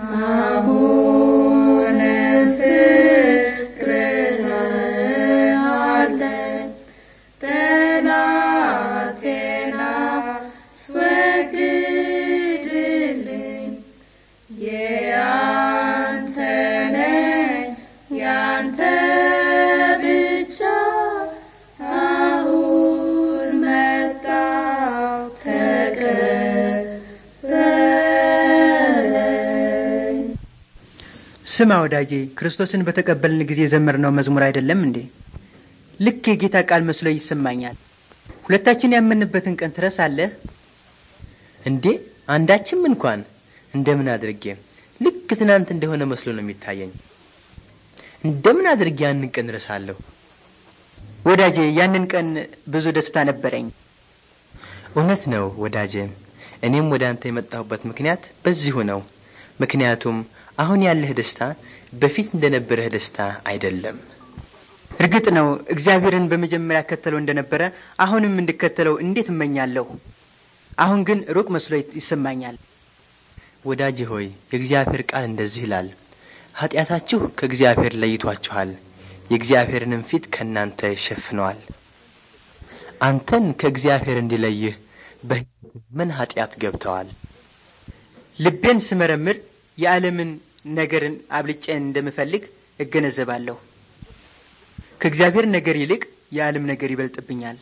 Ah. ስማ ወዳጄ ክርስቶስን በተቀበልን ጊዜ የዘመርነው መዝሙር አይደለም እንዴ? ልክ የጌታ ቃል መስሎ ይሰማኛል። ሁለታችን ያመንበትን ቀን ትረሳለህ እንዴ? አንዳችም እንኳን እንደምን አድርጌ ልክ ትናንት እንደሆነ መስሎ ነው የሚታየኝ። እንደምን አድርጌ ያንን ቀን እረሳለሁ? ወዳጄ ያንን ቀን ብዙ ደስታ ነበረኝ። እውነት ነው ወዳጄ፣ እኔም ወደ አንተ የመጣሁበት ምክንያት በዚሁ ነው። ምክንያቱም አሁን ያለህ ደስታ በፊት እንደነበረህ ደስታ አይደለም። እርግጥ ነው እግዚአብሔርን በመጀመሪያ ከተለው እንደነበረ አሁንም እንድከተለው እንዴት እመኛለሁ። አሁን ግን ሩቅ መስሎ ይሰማኛል። ወዳጅ ሆይ የእግዚአብሔር ቃል እንደዚህ ይላል፣ ኃጢአታችሁ ከእግዚአብሔር ለይቷችኋል፣ የእግዚአብሔርንም ፊት ከእናንተ ሸፍነዋል። አንተን ከእግዚአብሔር እንዲለይህ በህይወት ምን ኃጢአት ገብተዋል? ልቤን ስመረምር የዓለምን ነገርን አብልጬን እንደምፈልግ እገነዘባለሁ። ከእግዚአብሔር ነገር ይልቅ የዓለም ነገር ይበልጥብኛል።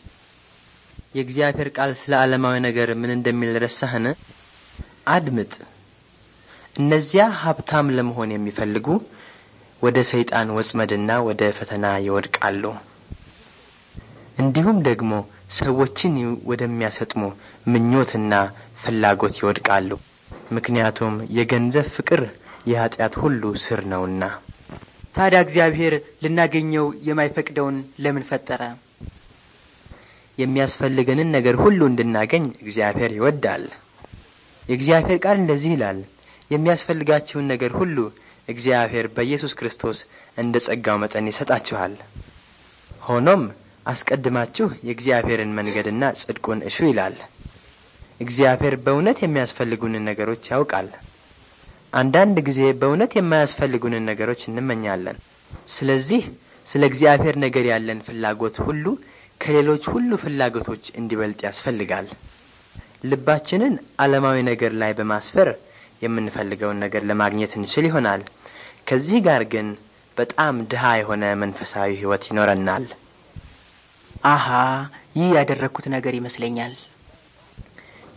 የእግዚአብሔር ቃል ስለ ዓለማዊ ነገር ምን እንደሚል ረሳህን? አድምጥ። እነዚያ ሀብታም ለመሆን የሚፈልጉ ወደ ሰይጣን ወጽመድና ወደ ፈተና ይወድቃሉ። እንዲሁም ደግሞ ሰዎችን ወደሚያሰጥሙ ምኞትና ፍላጎት ይወድቃሉ። ምክንያቱም የገንዘብ ፍቅር የኀጢአት ሁሉ ስር ነውና። ታዲያ እግዚአብሔር ልናገኘው የማይፈቅደውን ለምን ፈጠረ? የሚያስፈልገንን ነገር ሁሉ እንድናገኝ እግዚአብሔር ይወዳል። የእግዚአብሔር ቃል እንደዚህ ይላል፣ የሚያስፈልጋችሁን ነገር ሁሉ እግዚአብሔር በኢየሱስ ክርስቶስ እንደ ጸጋው መጠን ይሰጣችኋል። ሆኖም አስቀድማችሁ የእግዚአብሔርን መንገድና ጽድቁን እሹ ይላል። እግዚአብሔር በእውነት የሚያስፈልጉንን ነገሮች ያውቃል። አንዳንድ ጊዜ በእውነት የማያስፈልጉንን ነገሮች እንመኛለን። ስለዚህ ስለ እግዚአብሔር ነገር ያለን ፍላጎት ሁሉ ከሌሎች ሁሉ ፍላጎቶች እንዲበልጥ ያስፈልጋል። ልባችንን ዓለማዊ ነገር ላይ በማስፈር የምንፈልገውን ነገር ለማግኘት እንችል ይሆናል። ከዚህ ጋር ግን በጣም ድሃ የሆነ መንፈሳዊ ሕይወት ይኖረናል። አሃ ይህ ያደረግኩት ነገር ይመስለኛል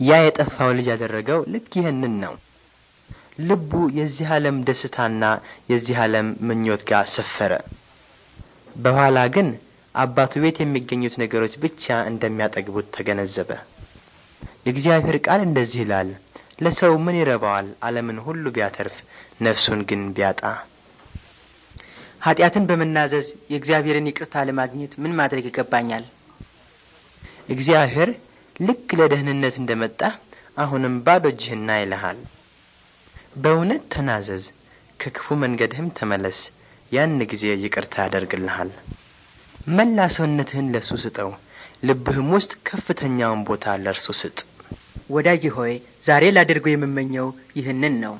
ያ የጠፋው ልጅ ያደረገው ልክ ይህንን ነው። ልቡ የዚህ ዓለም ደስታና የዚህ ዓለም ምኞት ጋር ሰፈረ። በኋላ ግን አባቱ ቤት የሚገኙት ነገሮች ብቻ እንደሚያጠግቡት ተገነዘበ። የእግዚአብሔር ቃል እንደዚህ ይላል፣ ለሰው ምን ይረባዋል? ዓለምን ሁሉ ቢያተርፍ ነፍሱን ግን ቢያጣ። ኃጢአትን በመናዘዝ የእግዚአብሔርን ይቅርታ ለማግኘት ምን ማድረግ ይገባኛል? እግዚአብሔር ልክ ለደህንነት እንደመጣ አሁንም ባዶ እጅህና ይልሃል። በእውነት ተናዘዝ፣ ከክፉ መንገድህም ተመለስ፣ ያን ጊዜ ይቅርታ ያደርግልሃል። መላ ሰውነትህን ለእሱ ስጠው፣ ልብህም ውስጥ ከፍተኛውን ቦታ ለእርሱ ስጥ። ወዳጅ ሆይ ዛሬ ላደርገው የምመኘው ይህንን ነው።